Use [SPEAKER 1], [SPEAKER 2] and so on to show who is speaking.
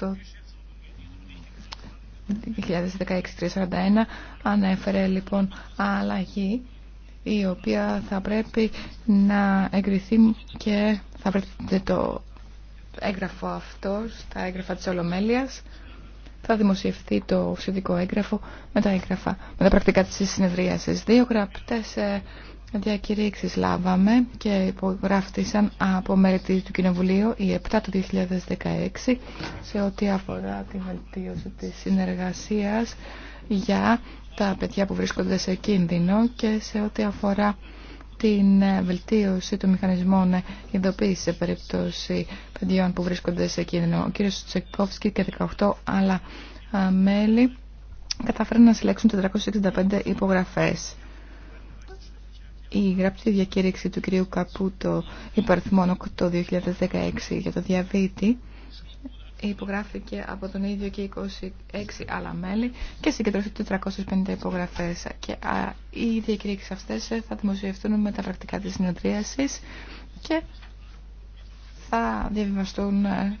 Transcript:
[SPEAKER 1] το 2016-341 ανέφερε λοιπόν αλλαγή η οποία θα πρέπει να εγκριθεί και θα βρείτε το έγγραφο αυτό στα έγγραφα της Ολομέλειας θα δημοσιευθεί το ουσιαστικό έγγραφο με τα έγγραφα, με τα πρακτικά της συνεδρίασης. Δύο γραπτές ε, Διακηρύξεις λάβαμε και υπογράφτησαν από μέρη του Κοινοβουλίου η 7 του 2016 σε ό,τι αφορά τη βελτίωση της συνεργασίας για τα παιδιά που βρίσκονται σε κίνδυνο και σε ό,τι αφορά την βελτίωση των μηχανισμών ειδοποίησης σε περίπτωση παιδιών που βρίσκονται σε κίνδυνο. Ο κύριος Τσεκόφσκι και 18 άλλα μέλη καταφέρουν να συλλέξουν 465 υπογραφές η γραπτή διακήρυξη του κυρίου Καπούτο υπαριθμών 8 2016 για το διαβήτη υπογράφηκε από τον ίδιο και 26 άλλα μέλη και συγκεντρώθηκε 450 υπογραφές και οι διακήρυξεις αυτές θα δημοσιευτούν με τα πρακτικά της συνεδρίασης και θα διαβιβαστούν ε,